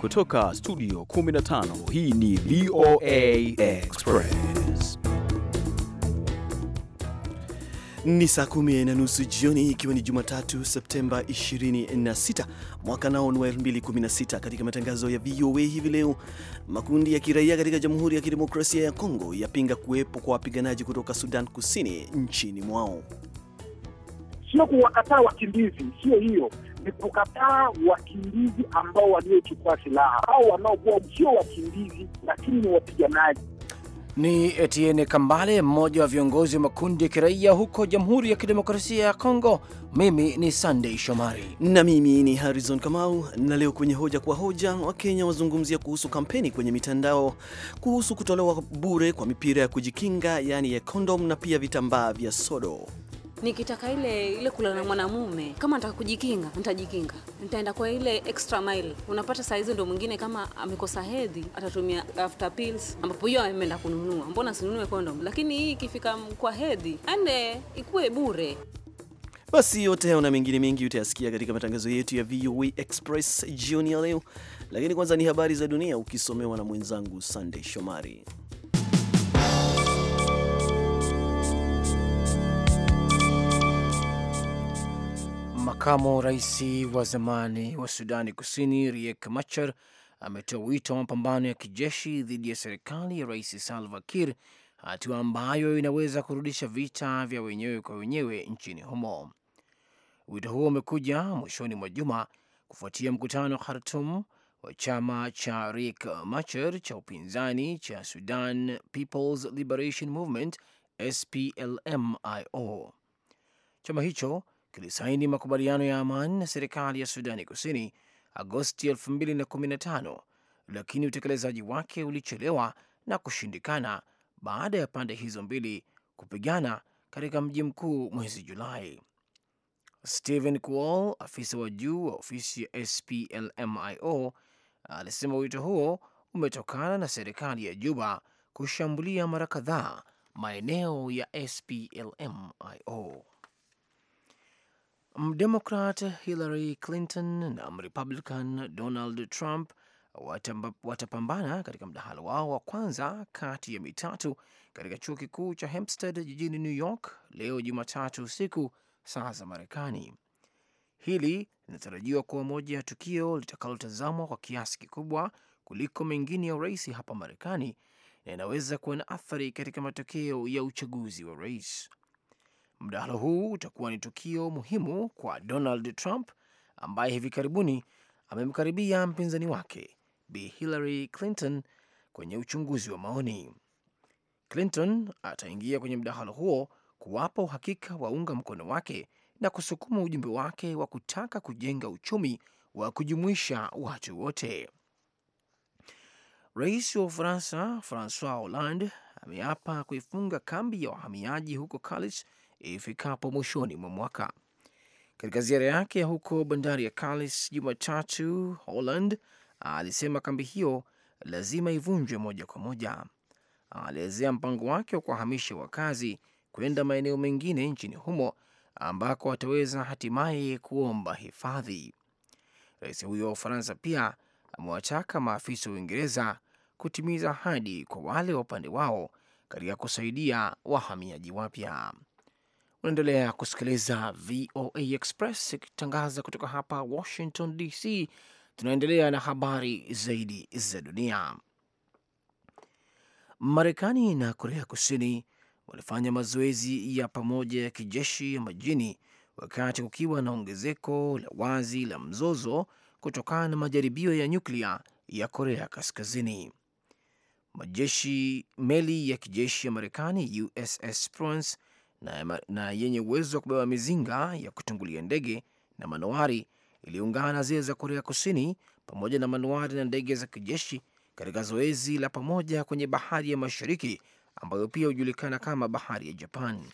Kutoka studio 15 hii ni VOA Express. Ni saa kumi na nusu jioni ikiwa ni Jumatatu Septemba 26 mwaka nao ni wa 2016. Katika matangazo ya VOA hivi leo, makundi ya kiraia katika Jamhuri ya Kidemokrasia ya Kongo yapinga kuwepo kwa wapiganaji kutoka Sudan Kusini nchini mwao. Sio kuwakataa wakimbizi, sio hiyo ni kukataa wakimbizi ambao waliochukua silaha au wanaokuwa sio wakimbizi lakini ni wapiganaji. Ni Etienne Kambale, mmoja wa viongozi wa makundi ya kiraia huko Jamhuri ya Kidemokrasia ya Kongo. Mimi ni Sunday Shomari na mimi ni Harrison Kamau, na leo kwenye hoja kwa hoja, Wakenya wazungumzia kuhusu kampeni kwenye mitandao kuhusu kutolewa bure kwa mipira ya kujikinga, yaani ya kondom na pia vitambaa vya sodo nikitaka ile ile kulala na mwanamume, kama nataka kujikinga nitajikinga, nitaenda kwa ile extra mile. Unapata saa hizi ndo mwingine kama amekosa hedhi atatumia after pills, ambapo hiyo ameenda kununua. Mbona sinunue kondom? Lakini hii ikifika kwa hedhi ande ikuwe bure. Basi yote hayo na mengine mengi utayasikia katika matangazo yetu ya VOA Express jioni ya leo, lakini kwanza ni habari za dunia ukisomewa na mwenzangu Sunday Shomari. Makamu rais wa zamani wa Sudani Kusini Riek Machar ametoa wito wa mapambano ya kijeshi dhidi ya serikali ya Rais Salva Kiir, hatua ambayo inaweza kurudisha vita vya wenyewe kwa wenyewe nchini humo. Wito huo umekuja mwishoni mwa juma kufuatia mkutano wa Khartum wa chama cha Riek Machar cha upinzani cha Sudan People's Liberation Movement SPLMIO. Chama hicho kilisaini makubaliano ya amani na serikali ya Sudani Kusini Agosti 2015 lakini utekelezaji wake ulichelewa na kushindikana baada ya pande hizo mbili kupigana katika mji mkuu mwezi Julai. Stephen Kuol, afisa wa juu wa ofisi ya SPLMIO, alisema wito huo umetokana na serikali ya Juba kushambulia mara kadhaa maeneo ya SPLMIO. Mdemokrat Hillary Clinton na Mrepublican Donald Trump watapambana katika mdahalo wao wa kwanza kati ya mitatu katika chuo kikuu cha Hempstead jijini New York leo Jumatatu usiku saa za Marekani. Hili linatarajiwa kuwa moja ya tukio litakalotazamwa kwa kiasi kikubwa kuliko mengine ya urais hapa Marekani na inaweza kuwa na athari katika matokeo ya uchaguzi wa rais. Mdahalo huu utakuwa ni tukio muhimu kwa Donald Trump ambaye hivi karibuni amemkaribia mpinzani wake Bi Hillary Clinton kwenye uchunguzi wa maoni. Clinton ataingia kwenye mdahalo huo kuwapa uhakika waunga mkono wake na kusukuma ujumbe wake wa kutaka kujenga uchumi wa kujumuisha watu wote. Rais wa Ufaransa Francois Hollande ameapa kuifunga kambi ya wahamiaji huko Calais ifikapo mwishoni mwa mwaka. Katika ziara yake huko bandari ya Kallis Jumatatu, Holland alisema kambi hiyo lazima ivunjwe moja kwa moja. Alielezea mpango wake wa kuwahamisha wakazi kwenda maeneo mengine nchini humo ambako wataweza hatimaye kuomba hifadhi. Rais huyo wa Ufaransa pia amewataka maafisa wa Uingereza kutimiza ahadi kwa wale wa upande wao katika kusaidia wahamiaji wapya. Unaendelea kusikiliza VOA Express ikitangaza kutoka hapa Washington DC. Tunaendelea na habari zaidi za dunia. Marekani na Korea Kusini walifanya mazoezi ya pamoja ya kijeshi ya majini wakati kukiwa na ongezeko la wazi la mzozo kutokana na majaribio ya nyuklia ya Korea Kaskazini. Majeshi meli ya kijeshi ya Marekani USS Providence na, na yenye uwezo wa kubeba mizinga ya kutungulia ndege na manowari iliungana na zile za Korea Kusini pamoja na manowari na ndege za kijeshi katika zoezi la pamoja kwenye bahari ya Mashariki ambayo pia hujulikana kama bahari ya Japan.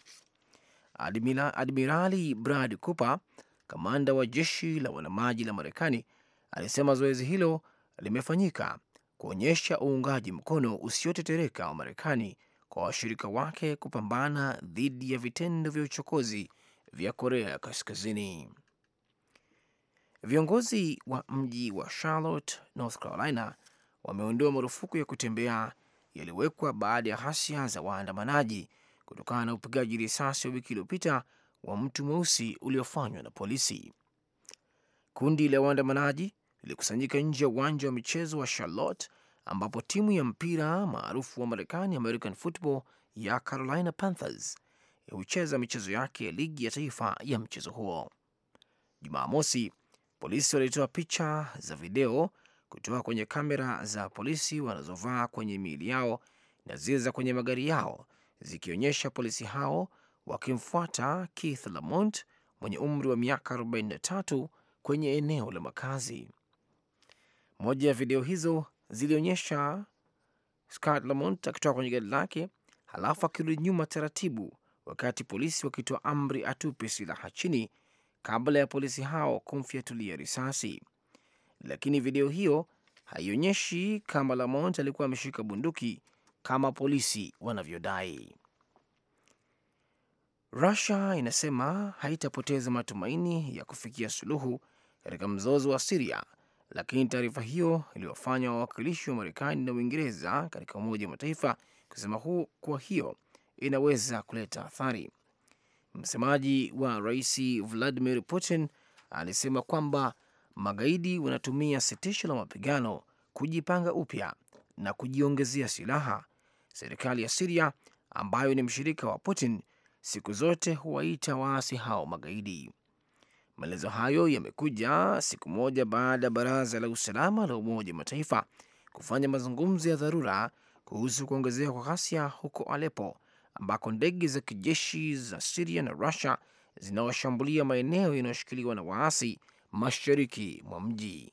Admira, Admirali Brad Cooper, kamanda wa jeshi la wanamaji la Marekani, alisema zoezi hilo limefanyika kuonyesha uungaji mkono usiotetereka wa Marekani kwa washirika wake kupambana dhidi ya vitendo vya uchokozi vya Korea Kaskazini. Viongozi wa mji wa Charlotte, North Carolina wameondoa marufuku ya kutembea yaliyowekwa baada ya ghasia za waandamanaji kutokana na upigaji risasi wa wiki iliyopita wa mtu mweusi uliofanywa na polisi. Kundi la waandamanaji lilikusanyika nje ya uwanja wa michezo wa Charlotte ambapo timu ya mpira maarufu wa Marekani, American Football, ya Carolina Panthers hucheza michezo yake ya ligi ya taifa ya mchezo huo. Jumamosi, polisi walitoa picha za video kutoka kwenye kamera za polisi wanazovaa kwenye miili yao na zile za kwenye magari yao zikionyesha polisi hao wakimfuata Keith Lamont mwenye umri wa miaka 43 kwenye eneo la makazi. Moja ya video hizo zilionyesha Scott Lamont akitoka kwenye gari lake, halafu akirudi nyuma taratibu, wakati polisi wakitoa amri atupe silaha chini, kabla ya polisi hao kumfyatulia risasi. Lakini video hiyo haionyeshi kama Lamont alikuwa ameshika bunduki kama polisi wanavyodai. russia inasema haitapoteza matumaini ya kufikia suluhu katika mzozo wa Siria lakini taarifa hiyo iliyofanywa wawakilishi wa Marekani na Uingereza katika Umoja wa Mataifa kusema huu kuwa hiyo inaweza kuleta athari. Msemaji wa Rais Vladimir Putin alisema kwamba magaidi wanatumia sitisho la mapigano kujipanga upya na kujiongezea silaha. Serikali ya Siria ambayo ni mshirika wa Putin siku zote huwaita waasi hao magaidi. Maelezo hayo yamekuja siku moja baada ya baraza la usalama la Umoja wa Mataifa kufanya mazungumzo ya dharura kuhusu kuongezeka kwa ghasia huko Alepo, ambako ndege za kijeshi za Siria na Rusia zinawashambulia maeneo yanayoshikiliwa na waasi mashariki mwa mji.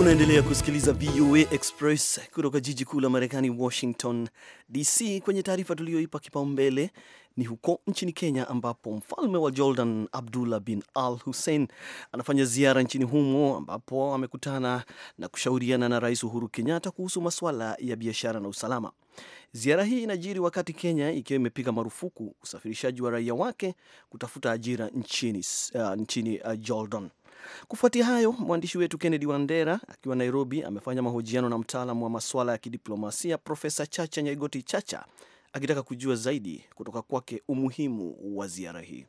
Unaendelea kusikiliza VOA Express kutoka jiji kuu la Marekani, Washington DC. Kwenye taarifa tuliyoipa kipaumbele ni huko nchini Kenya, ambapo mfalme wa Jordan Abdullah bin Al Hussein anafanya ziara nchini humo, ambapo amekutana na kushauriana na Rais Uhuru Kenyatta kuhusu masuala ya biashara na usalama. Ziara hii inajiri wakati Kenya ikiwa imepiga marufuku usafirishaji wa raia wake kutafuta ajira nchini, uh, nchini uh, Jordan. Kufuatia hayo, mwandishi wetu Kennedy Wandera akiwa Nairobi amefanya mahojiano na mtaalamu wa masuala ya kidiplomasia Profesa Chacha Nyaigoti Chacha akitaka kujua zaidi kutoka kwake umuhimu wa ziara hii.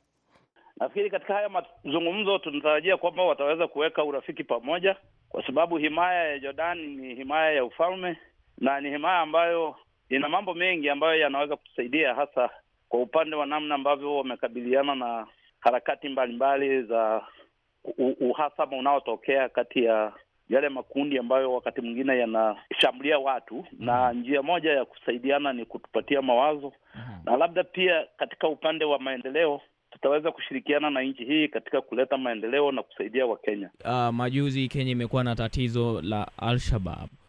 Nafikiri katika haya mazungumzo tunatarajia kwamba wataweza kuweka urafiki pamoja, kwa sababu himaya ya Jordani ni himaya ya ufalme na ni himaya ambayo ina mambo mengi ambayo yanaweza kutusaidia, hasa kwa upande wa namna ambavyo wamekabiliana na harakati mbalimbali za uhasama unaotokea kati ya yale makundi ambayo wakati mwingine yanashambulia watu mm -hmm. Na njia moja ya kusaidiana ni kutupatia mawazo mm -hmm. Na labda pia katika upande wa maendeleo tutaweza kushirikiana na nchi hii katika kuleta maendeleo na kusaidia Wakenya. Uh, ah, majuzi Kenya imekuwa na tatizo la al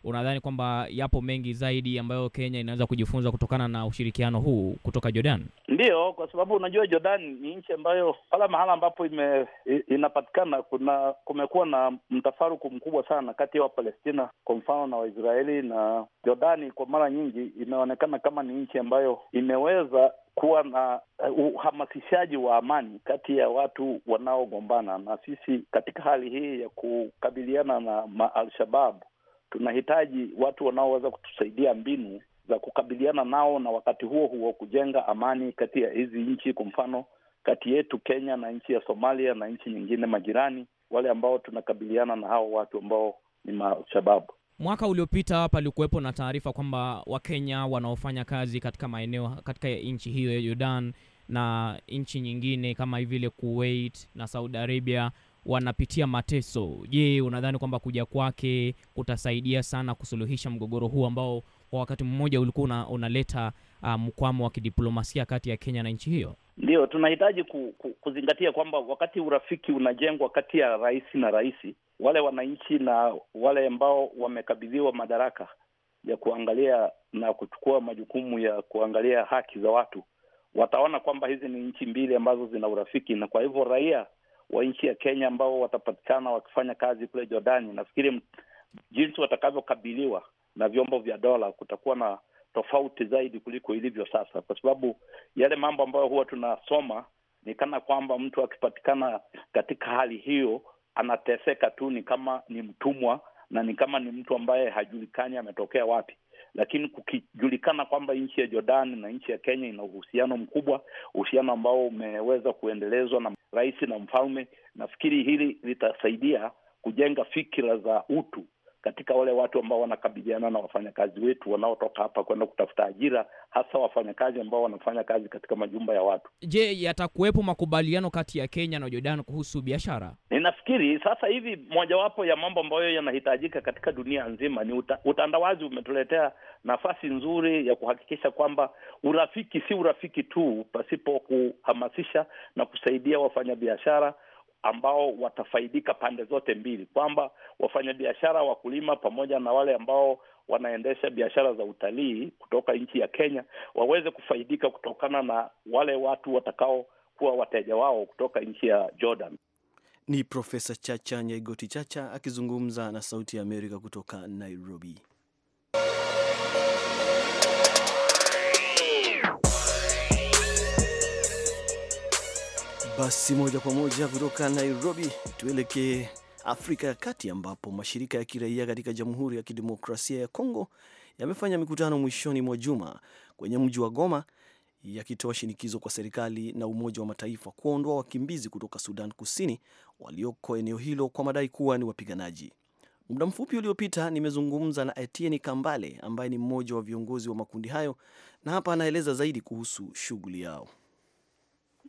Unadhani kwamba yapo mengi zaidi ambayo Kenya inaweza kujifunza kutokana na ushirikiano huu kutoka Jordan? Ndiyo, kwa sababu unajua Jordan ni nchi ambayo pala mahala ambapo ime, inapatikana kuna kumekuwa na mtafaruku mkubwa sana kati ya Wapalestina kwa mfano na Waisraeli, na Jordani kwa mara nyingi imeonekana kama ni nchi ambayo imeweza kuwa na uh, uh, uhamasishaji wa amani kati ya watu wanaogombana. Na sisi katika hali hii ya kukabiliana na maalshababu, tunahitaji watu wanaoweza kutusaidia mbinu za kukabiliana nao, na wakati huo huo kujenga amani kati ya hizi nchi, kwa mfano kati yetu Kenya na nchi ya Somalia na nchi nyingine majirani, wale ambao tunakabiliana na hao watu ambao ni maalshababu. Mwaka uliopita palikuwepo na taarifa kwamba Wakenya wanaofanya kazi katika maeneo katika nchi hiyo ya Jordan na nchi nyingine kama vile Kuwait na Saudi Arabia wanapitia mateso. Je, unadhani kwamba kuja kwake kutasaidia sana kusuluhisha mgogoro huu ambao kwa wakati mmoja ulikuwa unaleta ah, mkwamo wa kidiplomasia kati ya Kenya na nchi hiyo? Ndio tunahitaji ku, ku, kuzingatia kwamba wakati urafiki unajengwa kati ya rais na rais, wale wananchi na wale ambao wamekabidhiwa madaraka ya kuangalia na kuchukua majukumu ya kuangalia haki za watu wataona kwamba hizi ni nchi mbili ambazo zina urafiki, na kwa hivyo raia wa nchi ya Kenya ambao watapatikana wakifanya kazi kule Jordani, nafikiri jinsi watakavyokabiliwa na vyombo vya dola, kutakuwa na tofauti zaidi kuliko ilivyo sasa, kwa sababu yale mambo ambayo huwa tunasoma ni kana kwamba mtu akipatikana katika hali hiyo anateseka tu, ni kama ni mtumwa na ni kama ni mtu ambaye hajulikani ametokea wapi. Lakini kukijulikana kwamba nchi ya Jordani na nchi ya Kenya ina uhusiano mkubwa, uhusiano ambao umeweza kuendelezwa na rais na mfalme, nafikiri hili litasaidia kujenga fikira za utu katika wale watu ambao wanakabiliana na wafanyakazi wetu wanaotoka hapa kwenda kutafuta ajira, hasa wafanyakazi ambao wanafanya kazi katika majumba ya watu. Je, yatakuwepo makubaliano kati ya Kenya na Jordan kuhusu biashara? Ninafikiri sasa hivi mojawapo ya mambo ambayo yanahitajika katika dunia nzima ni uta, utandawazi umetuletea nafasi nzuri ya kuhakikisha kwamba urafiki si urafiki tu pasipo kuhamasisha na kusaidia wafanyabiashara ambao watafaidika pande zote mbili, kwamba wafanyabiashara, wakulima, pamoja na wale ambao wanaendesha biashara za utalii kutoka nchi ya Kenya waweze kufaidika kutokana na wale watu watakaokuwa wateja wao kutoka nchi ya Jordan. Ni Profesa Chacha Nyaigoti Chacha akizungumza na Sauti ya Amerika kutoka Nairobi. Basi moja kwa moja kutoka Nairobi tuelekee Afrika ya Kati, ambapo mashirika ya kiraia katika Jamhuri ya Kidemokrasia ya Kongo yamefanya mikutano mwishoni mwa juma kwenye mji wa Goma yakitoa shinikizo kwa serikali na Umoja wa Mataifa kuondoa wakimbizi kutoka Sudan Kusini walioko eneo hilo kwa madai kuwa ni wapiganaji. Muda mfupi uliopita nimezungumza na Etieni Kambale ambaye ni mmoja wa viongozi wa makundi hayo, na hapa anaeleza zaidi kuhusu shughuli yao.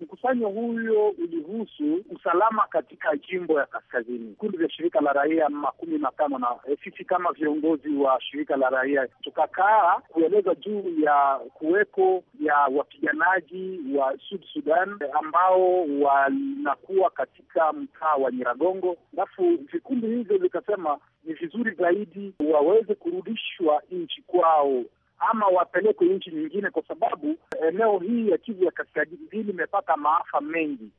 Mkusanyo huyo ulihusu usalama katika jimbo ya kaskazini. Vikundi vya shirika la raia makumi matano na eh, sisi kama viongozi wa shirika la raia tukakaa kueleza juu ya kuweko ya wapiganaji wa Sud Sudan eh, ambao wanakuwa katika mtaa wa Nyiragongo, alafu vikundi hivyo vikasema ni vizuri zaidi waweze kurudishwa nchi kwao ama wapelekwe nchi nyingine, kwa sababu eneo hii ya Kivu ya kaskazini limepata maafa mengi,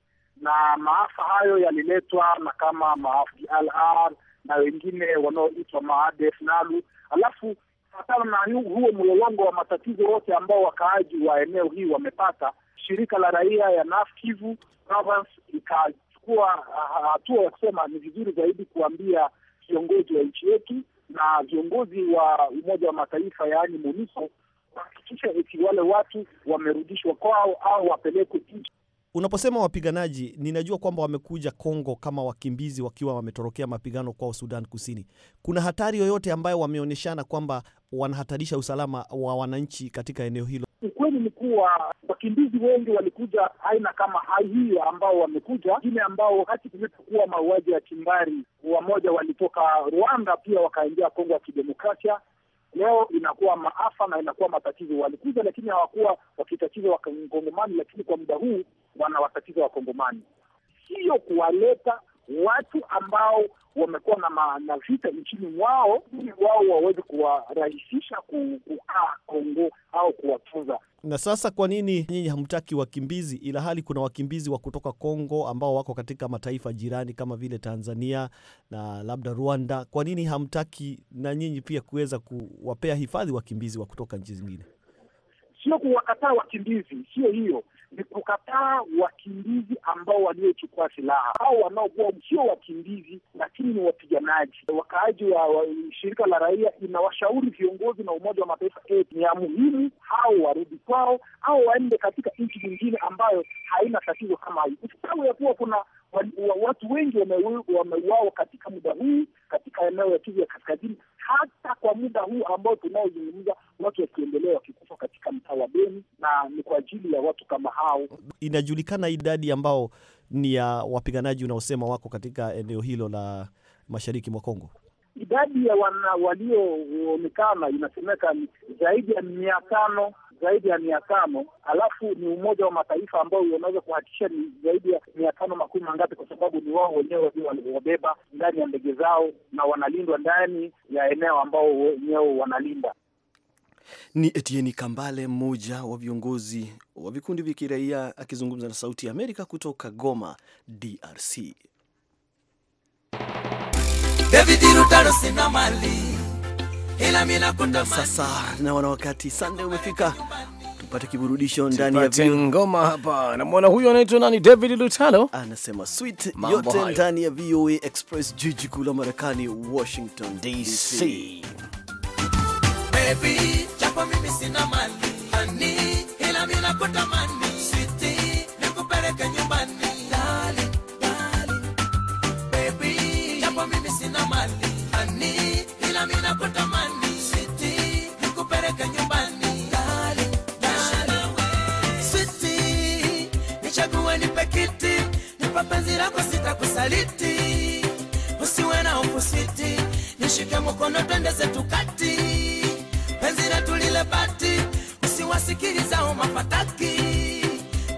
na maafa hayo yaliletwa na kama maalr na wengine wanaoitwa maadef nalu, alafu kufatana na huo mlolongo wa matatizo yote ambao wakaaji wa eneo hii wamepata, shirika la raia ya Nord Kivu province ikachukua ah, hatua ya kusema ni vizuri zaidi kuambia kiongozi wa nchi yetu na viongozi wa Umoja wa Mataifa yaani MONUSCO kuhakikisha eti wale watu wamerudishwa kwao au wapelekwe nchi. Unaposema wapiganaji, ninajua kwamba wamekuja Kongo kama wakimbizi wakiwa wametorokea mapigano kwao Sudan Kusini. Kuna hatari yoyote ambayo wameonyeshana kwamba wanahatarisha usalama wa wananchi katika eneo hilo? Ukweli ni kuwa wakimbizi wengi walikuja aina kama hiyo ambao wamekuja, wengine ambao wakati kulipokuwa mauaji ya kimbari, wamoja walitoka Rwanda pia wakaingia Kongo ya Kidemokrasia. Leo inakuwa maafa na inakuwa matatizo. Walikuja lakini hawakuwa wakitatiza Wakongomani, lakini kwa muda huu wanawatatiza Wakongomani, sio kuwaleta watu ambao wamekuwa na, na vita nchini mwao ili wao waweze kuwarahisisha kukaa Kongo au kuwatunza. Na sasa, kwa nini nyinyi hamtaki wakimbizi ila hali kuna wakimbizi wa kutoka Kongo ambao wako katika mataifa jirani kama vile Tanzania na labda Rwanda? Kwa nini hamtaki na nyinyi pia kuweza kuwapea hifadhi wakimbizi wa kutoka nchi zingine? Sio kuwakataa wakimbizi, sio hiyo ni kukataa wakimbizi ambao waliochukua silaha au wanaokuwa sio wakimbizi lakini ni wapiganaji. Wakaaji wa, wa shirika la raia inawashauri viongozi na Umoja wa Mataifa eh, ni ya muhimu hao warudi kwao au waende katika nchi nyingine ambayo haina tatizo kama hii. Usitawi ya kuwa kuna watu wengi wameuawa katika muda huu katika eneo ya Kivu ya Kaskazini. Hata kwa muda huu ambao tunaozungumza, watu wakiendelea wakikufa katika mtaa wa Beni na ni kwa ajili ya watu kama hao. Inajulikana idadi ambao ni ya wapiganaji unaosema wako katika eneo hilo la mashariki mwa Kongo? Idadi ya walioonekana inasemeka ni zaidi ya mia tano zaidi ya mia tano alafu ni Umoja wa Mataifa ambao unaweza kuhakikisha ni zaidi ya mia tano makumi mangapi, kwa sababu ni wao wenyewe ndio waliowabeba ndani ya ndege zao na wanalindwa ndani ya eneo ambao wenyewe wanalinda. Ni Etieni Kambale, mmoja wa viongozi wa vikundi vya kiraia, akizungumza na Sauti ya Amerika kutoka Goma, DRC. Sasa naona wakati Sunday umefika tupate kiburudisho ndani ya ngoma hapa. Namwona huyu anaitwa nani? David Lutalo anasema sweet yote hayo, ndani ya VOA Express, jiji kuu la Marekani, Washington DC japo mimi sina mali ani, ila mimi nakutamani switi, nikupeleke nyumbani dali dali baby, japo mimi sina mali switi, nyumbani dali dali switi, nichague nipe kiti, nipa penzi lako sitakusaliti, usiwe na hofu switi, nishike mkono twende zetu kati Sikiliza umapataki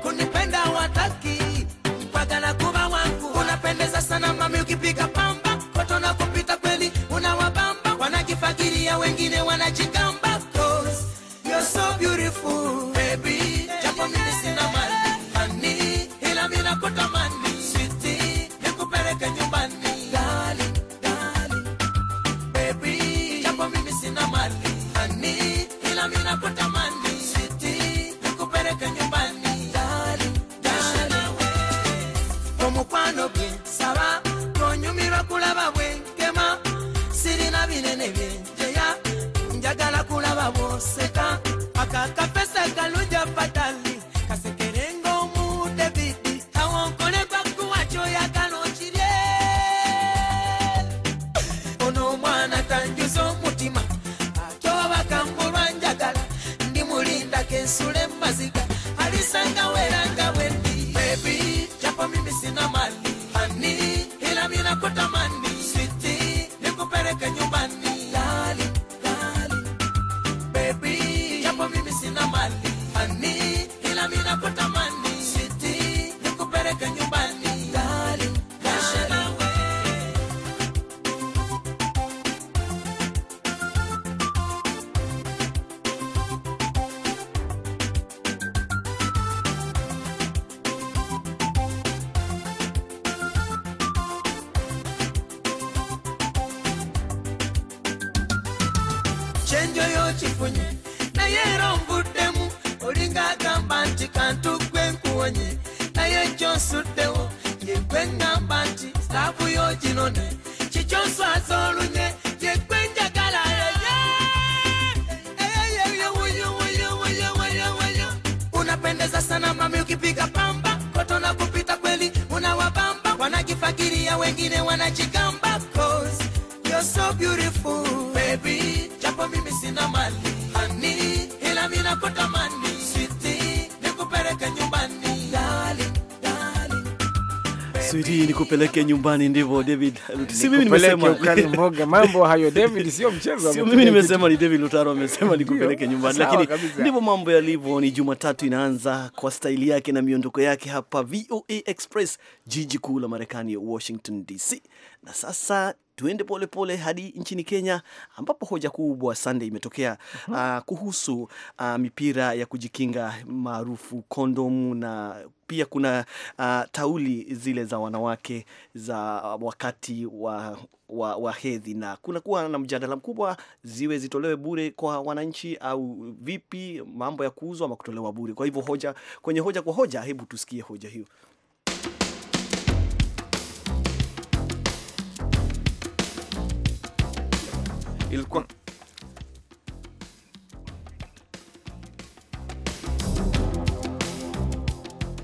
kunipenda wataki mpaka na wangu unapendeza sana mami, ukipiga pamba watu kupita kweli unawabamba, wanakifakiria wengine wanaji ni kupeleke nyumbani, ndivyo David. Si mimi nimesema ukali mboga, mambo hayo David, sio mchezo. Si mimi nimesema, ni David Lutaro amesema kupeleke nyumbani, lakini ndivyo mambo yalivyo. Ni Jumatatu inaanza kwa staili yake na miondoko yake hapa VOA Express, jiji kuu la Marekani, Washington DC. Na sasa Tuende polepole pole hadi nchini Kenya ambapo hoja kubwa Sunday imetokea uh -huh. uh, kuhusu uh, mipira ya kujikinga maarufu kondomu na pia kuna uh, tauli zile za wanawake za wakati wa, wa, wa hedhi, na kuna kuwa na mjadala mkubwa, ziwe zitolewe bure kwa wananchi au vipi, mambo ya kuuzwa ama kutolewa bure. Kwa hivyo hoja kwenye hoja kwa hoja, hebu tusikie hoja hiyo. ilikuwa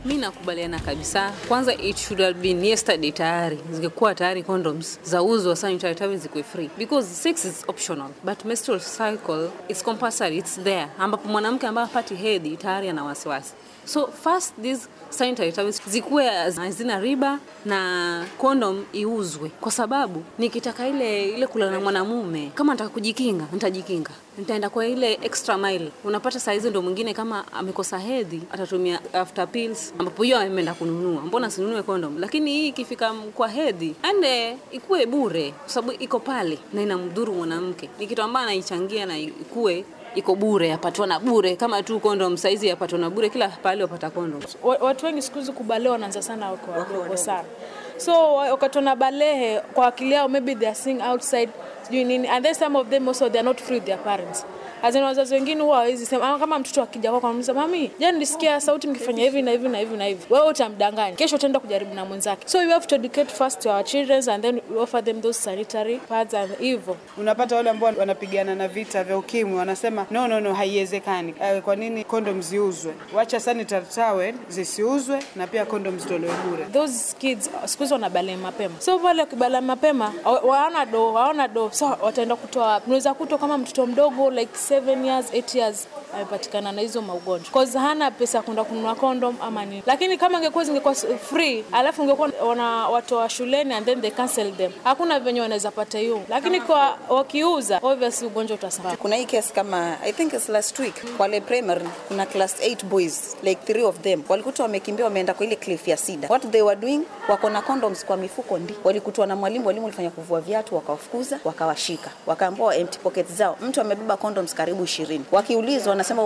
Mi nakubaliana kabisa. Kwanza it should have been yesterday tayari. Zingekuwa tayari condoms za wa sanitary towels zikuwe free because sex is optional but menstrual cycle is compulsory, it's there ambapo mwanamke ambaye hapati hedhi tayari ana wasiwasi So first these sanitary towels zikuwe hazina riba na kondom iuzwe, kwa sababu nikitaka ile ile kulala na mwanamume, kama nataka kujikinga nitajikinga, nitaenda kwa ile extra mile. Unapata saa hizi ndo mwingine kama amekosa hedhi atatumia after pills, ambapo hiyo ameenda kununua. Mbona sinunue kondom? Lakini hii ikifika kwa hedhi ande eh, ikuwe bure, kwa sababu iko pale na inamdhuru mwanamke, ni kitu ambayo anaichangia na ikue iko bure, yapatwa na bure, kama tu kondom saizi yapatwa na bure, kila pale wapata kondom. Watu wengi siku hizi kubalehe wanaanza sana wako wadogo sana, so wakati wana balehe kwa akili yao maybe they are seeing outside sijui nini, and then some of them also they are not free with their parents azina wazazi wengine huwa hawezi sema, ah, kama mtoto akija kwako anamwambia mami, jana yaani nilisikia sauti mkifanya hivi na hivi na hivi na hivi, wewe utamdanganya, kesho utaenda kujaribu na mwenzake. So you have to educate first to our children and then we offer them those sanitary pads and hivyo. Unapata wale ambao wanapigana na vita vya ukimwi wanasema no no no, haiwezekani. Eh, kwa nini kondom ziuzwe? Wacha sanitary towel zisiuzwe na pia kondom zitolewe bure. Those kids siku hizi wanabalai mapema, so wale wakibala mapema waona do waona do, so wataenda kutoa, unaweza kutoa kama mtoto mdogo like 7 years 8 years amepatikana na hizo maugonjwa cause hana pesa ya kwenda kununua condom ama nini, lakini kama ingekuwa zingekuwa free alafu ungekuwa ingekuwa wanawatoa shuleni and then they cancel them, hakuna venye wanaweza pata hiyo, lakini kwa wakiuza obviously ugonjwa utasambaa. Kuna hii case kama I think it's last week kwa le Primary, kuna class 8 boys like three of them walikuta wamekimbia wameenda kwa ile cliff ya Sida. What they were doing, wako na condoms kwa mifuko, ndi walikutwa na mwalimu, walimu walifanya kuvua viatu, wakawafukuza, wakawashika, wakaambua empty pockets zao. Mtu amebeba condoms karibu ishirini. Wakiulizwa wanasema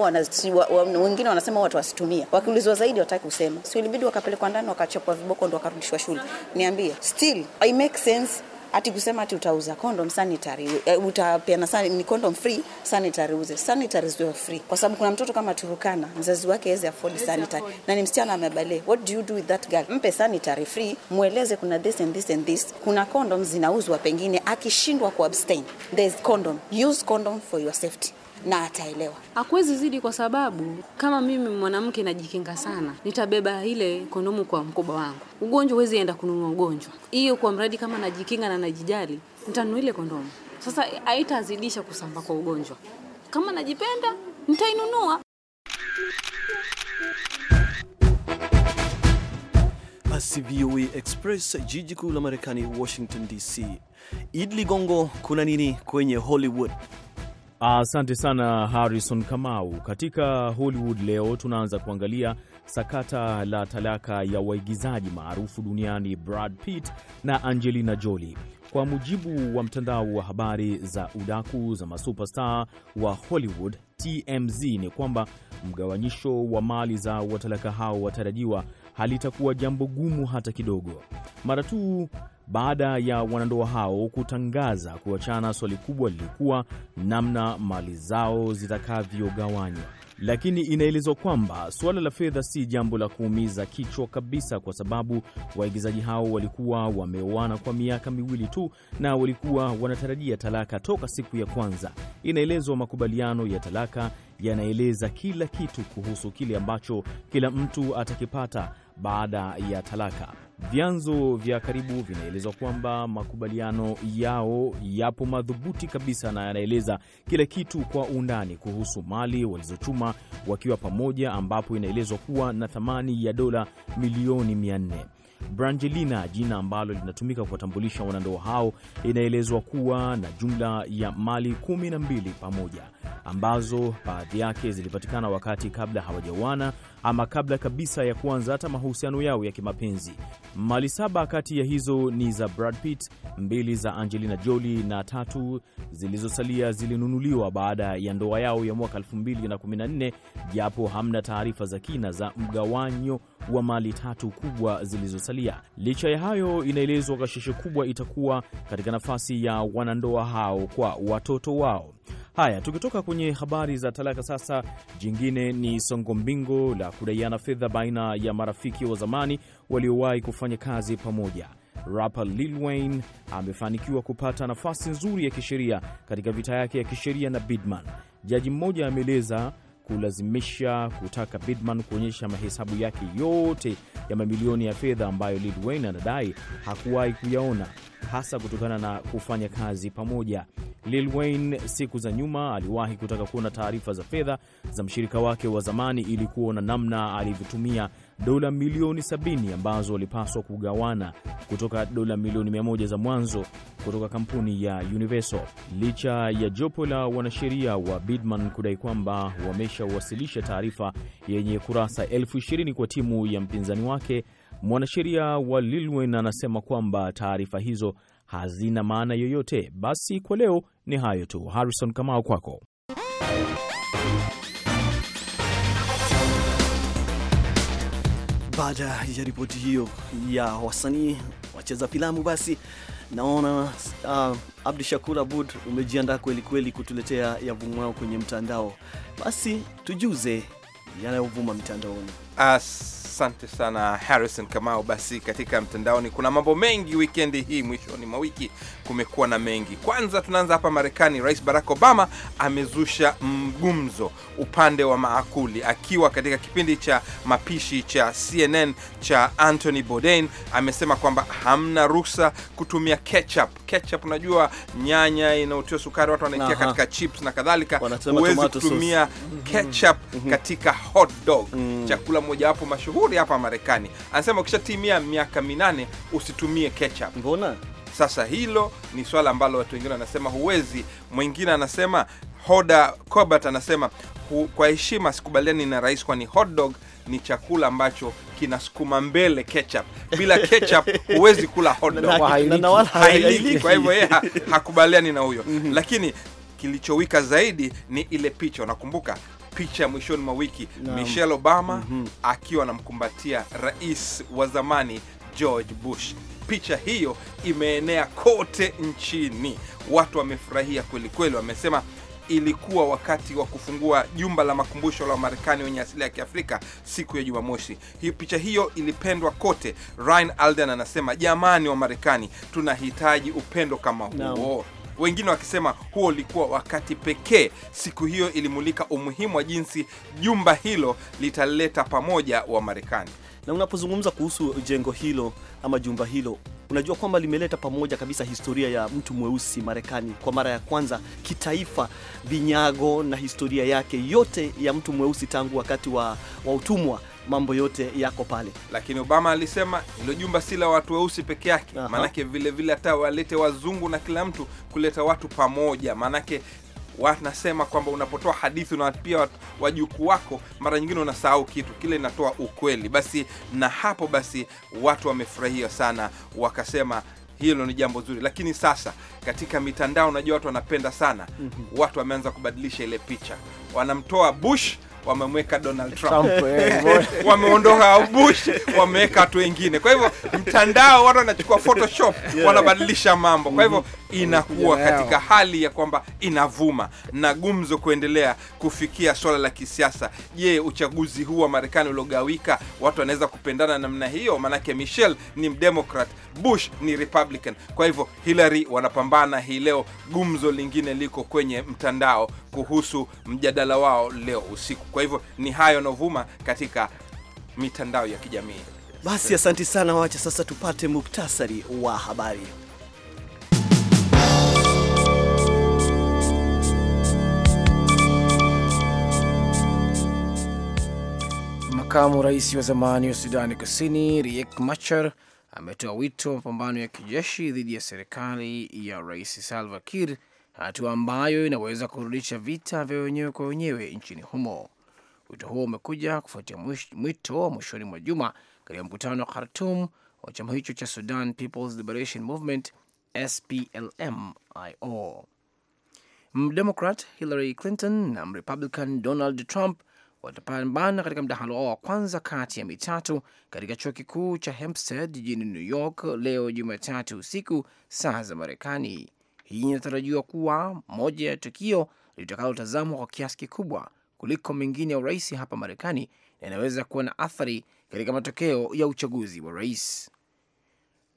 wengine wanasema watu wasitumia, wakiulizwa zaidi wataki kusema, si ilibidi wakapelekwa ndani wakachapwa viboko ndo wakarudishwa shule. Niambie, still I make sense Ati kusema ati utauza condom sanitary, uh, utapeana san, ni condom free sanitary, uze sanitary ziwe free, kwa sababu kuna mtoto kama Turukana mzazi wake hawezi afford sanitary na ni msichana amebale. What do you do with that girl? Mpe sanitary free, mueleze kuna this and this and this, kuna condom zinauzwa, pengine akishindwa ku abstain, there is condom, use condom for your safety na ataelewa. Hakuwezi zidi, kwa sababu kama mimi mwanamke najikinga sana, nitabeba ile kondomu kwa mkoba wangu. Ugonjwa huwezi enda kununua ugonjwa, hiyo kwa mradi kama najikinga na najijali, nitanunua ile kondomu. Sasa haitazidisha kusamba kwa ugonjwa. Kama najipenda nitainunua. Basi VOA Express, jiji kuu la Marekani, Washington DC. Idi Ligongo, kuna nini kwenye Hollywood? Asante sana Harrison Kamau. Katika Hollywood leo tunaanza kuangalia sakata la talaka ya waigizaji maarufu duniani Brad Pitt na Angelina Jolie. Kwa mujibu wa mtandao wa habari za udaku za masuperstar wa Hollywood TMZ, ni kwamba mgawanyisho wa mali za watalaka hao watarajiwa halitakuwa jambo gumu hata kidogo. Mara tu baada ya wanandoa hao kutangaza kuachana. Swali kubwa lilikuwa namna mali zao zitakavyogawanywa, lakini inaelezwa kwamba suala la fedha si jambo la kuumiza kichwa kabisa, kwa sababu waigizaji hao walikuwa wameoana kwa miaka miwili tu na walikuwa wanatarajia talaka toka siku ya kwanza. Inaelezwa makubaliano ya talaka yanaeleza kila kitu kuhusu kile ambacho kila mtu atakipata baada ya talaka. Vyanzo vya karibu vinaeleza kwamba makubaliano yao yapo madhubuti kabisa na yanaeleza kila kitu kwa undani kuhusu mali walizochuma wakiwa pamoja, ambapo inaelezwa kuwa na thamani ya dola milioni 400. Brangelina, jina ambalo linatumika kuwatambulisha wanandoa hao, inaelezwa kuwa na jumla ya mali kumi na mbili pamoja ambazo baadhi yake zilipatikana wakati kabla hawajawana ama kabla kabisa ya kuanza hata mahusiano yao ya kimapenzi. Mali saba kati ya hizo ni za Brad Pitt, mbili za Angelina Jolie na tatu zilizosalia zilinunuliwa baada ya ndoa yao ya mwaka 2014, japo hamna taarifa za kina za mgawanyo wa mali tatu kubwa zilizosalia. Licha ya hayo, inaelezwa kasheshe kubwa itakuwa katika nafasi ya wanandoa hao kwa watoto wao. Haya, tukitoka kwenye habari za talaka, sasa jingine ni songo mbingo la kudaiana fedha baina ya marafiki wa zamani waliowahi kufanya kazi pamoja. Rapa Lil Wayne amefanikiwa kupata nafasi nzuri ya kisheria katika vita yake ya kisheria na Bidman. Jaji mmoja ameeleza kulazimisha kutaka Bidman kuonyesha mahesabu yake yote ya mamilioni ya fedha ambayo Lil Wayne anadai hakuwahi kuyaona, hasa kutokana na kufanya kazi pamoja. Lil Wayne siku za nyuma aliwahi kutaka kuona taarifa za fedha za mshirika wake wa zamani ili kuona namna alivyotumia dola milioni 70 ambazo walipaswa kugawana kutoka dola milioni 100 za mwanzo kutoka kampuni ya Universal. Licha ya jopo la wanasheria wa Bidman kudai kwamba wameshawasilisha taarifa yenye kurasa elfu ishirini kwa timu ya mpinzani wake, mwanasheria wa Lilwen anasema kwamba taarifa hizo hazina maana yoyote. Basi kwa leo ni hayo tu. Harrison Kamau, kwako. Baada ya ripoti hiyo ya wasanii wacheza filamu, basi naona uh, Abdi Shakur Abud umejiandaa kweli kweli kutuletea yavumao kwenye mtandao. Basi tujuze yanayovuma mitandaoni. As Asante sana Harrison Kamau. Basi katika mtandaoni kuna mambo mengi wikendi hii, mwishoni mwa wiki kumekuwa na mengi. Kwanza tunaanza hapa Marekani. Rais Barack Obama amezusha mgumzo upande wa maakuli, akiwa katika kipindi cha mapishi cha CNN cha Anthony Bourdain. Amesema kwamba hamna ruhusa kutumia ketchup. Ketchup unajua nyanya inaotiwa sukari, watu wanaitia katika chips na kadhalika. Huwezi kutumia mhm. ketchup mhm. katika hot dog, mhm. chakula mojawapo mashuhuri mashuhuri hapa Marekani, anasema ukishatimia miaka minane usitumie ketchup. Mbona? Sasa hilo ni swala ambalo watu wengine wanasema huwezi. Mwingine anasema Hoda Cobert anasema hu, kwa heshima sikubaliani na rais, kwani hot dog ni chakula ambacho kinasukuma mbele ketchup. Bila ketchup huwezi kula hot dog, hailiki. Kwa hivyo yeye hakubaliani na huyo, mhm. lakini kilichowika zaidi ni ile picha. Unakumbuka picha ya mwishoni mwa wiki no. Michelle Obama mm -hmm. akiwa anamkumbatia rais wa zamani George Bush. Picha hiyo imeenea kote nchini, watu wamefurahia kweli kweli, wamesema ilikuwa wakati wa kufungua jumba la makumbusho la Wamarekani wenye asili ya Kiafrika siku ya Jumamosi. Hii picha hiyo ilipendwa kote. Ryan Alden anasema, jamani, Wamarekani tunahitaji upendo kama huo no wengine wakisema huo ulikuwa wakati pekee. Siku hiyo ilimulika umuhimu wa jinsi jumba hilo litaleta pamoja wa Marekani. Na unapozungumza kuhusu jengo hilo ama jumba hilo unajua kwamba limeleta pamoja kabisa historia ya mtu mweusi Marekani kwa mara ya kwanza kitaifa, vinyago na historia yake yote ya mtu mweusi tangu wakati wa, wa utumwa mambo yote yako pale. Lakini Obama alisema hilo jumba si la watu weusi peke yake, maanake vilevile hata walete wazungu na kila mtu, kuleta watu pamoja, maanake wanasema kwamba unapotoa hadithi na pia wajukuu wako, mara nyingine unasahau kitu kile, inatoa ukweli. Basi na hapo basi watu wamefurahia sana, wakasema hilo ni jambo zuri. Lakini sasa katika mitandao, unajua watu wanapenda sana mm -hmm. Watu wameanza kubadilisha ile picha, wanamtoa Bush wamemweka Donald Trump, eh, wameondoka Bush, wameweka watu wengine. Kwa hivyo mtandao, watu wanachukua Photoshop yeah, wanabadilisha mambo. Kwa hivyo mm-hmm. inakuwa katika hali ya kwamba inavuma na gumzo kuendelea kufikia swala la kisiasa. Je, uchaguzi huu wa Marekani uliogawika, watu wanaweza kupendana namna hiyo? Maanake Michelle ni mdemokrat, Bush ni Republican. Kwa hivyo Hillary wanapambana hii leo. Gumzo lingine liko kwenye mtandao kuhusu mjadala wao leo usiku. Kwa hivyo ni hayo novuma katika mitandao ya kijamii. Basi asanti sana, wacha sasa tupate muktasari wa habari. Makamu rais wa zamani wa Sudani Kusini Riek Machar ametoa wito wa mapambano ya kijeshi dhidi ya serikali ya rais Salva Kiir, hatua ambayo inaweza kurudisha vita vya wenyewe kwa wenyewe nchini humo. Wito huo umekuja kufuatia mwito wa mwishoni mwa juma katika mkutano wa Khartum wa chama hicho cha Sudan People's Liberation Movement SPLMIO. Mdemokrat Hillary Clinton na Mrepublican Donald Trump watapambana katika mdahalo wao wa kwanza kati ya mitatu katika chuo kikuu cha Hempstead jijini New York leo Jumatatu usiku saa za Marekani. Hii inatarajiwa kuwa moja ya tukio litakalotazamwa kwa kiasi kikubwa kuliko mengine ya urais hapa Marekani na inaweza kuwa na athari katika matokeo ya uchaguzi wa rais.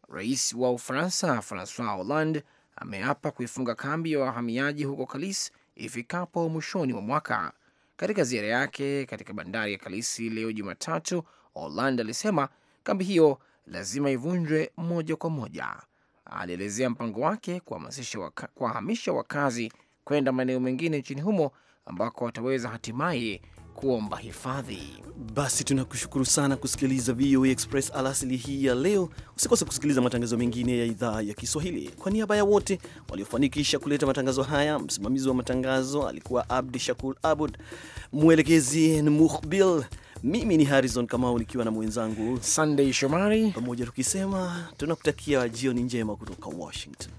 Rais wa Ufaransa Francois Hollande ameapa kuifunga kambi ya wahamiaji huko Kalisi ifikapo mwishoni mwa mwaka. Katika ziara yake katika bandari ya Kalisi leo Jumatatu, Hollande alisema kambi hiyo lazima ivunjwe moja kwa moja. Alielezea mpango wake kuhamisha waka, wakazi kwenda maeneo mengine nchini humo ambako wataweza hatimaye kuomba hifadhi. Basi tunakushukuru sana kusikiliza VOA e Express alasili hii ya leo. Usikose kusikiliza matangazo mengine ya idhaa ya Kiswahili. Kwa niaba ya wote waliofanikisha kuleta matangazo haya, msimamizi wa matangazo alikuwa Abdi Shakur Abud, mwelekezi ni Muhbil, mimi ni Harrison Kamau nikiwa na mwenzangu Sunday Shomari, pamoja tukisema tunakutakia jioni njema kutoka Washington.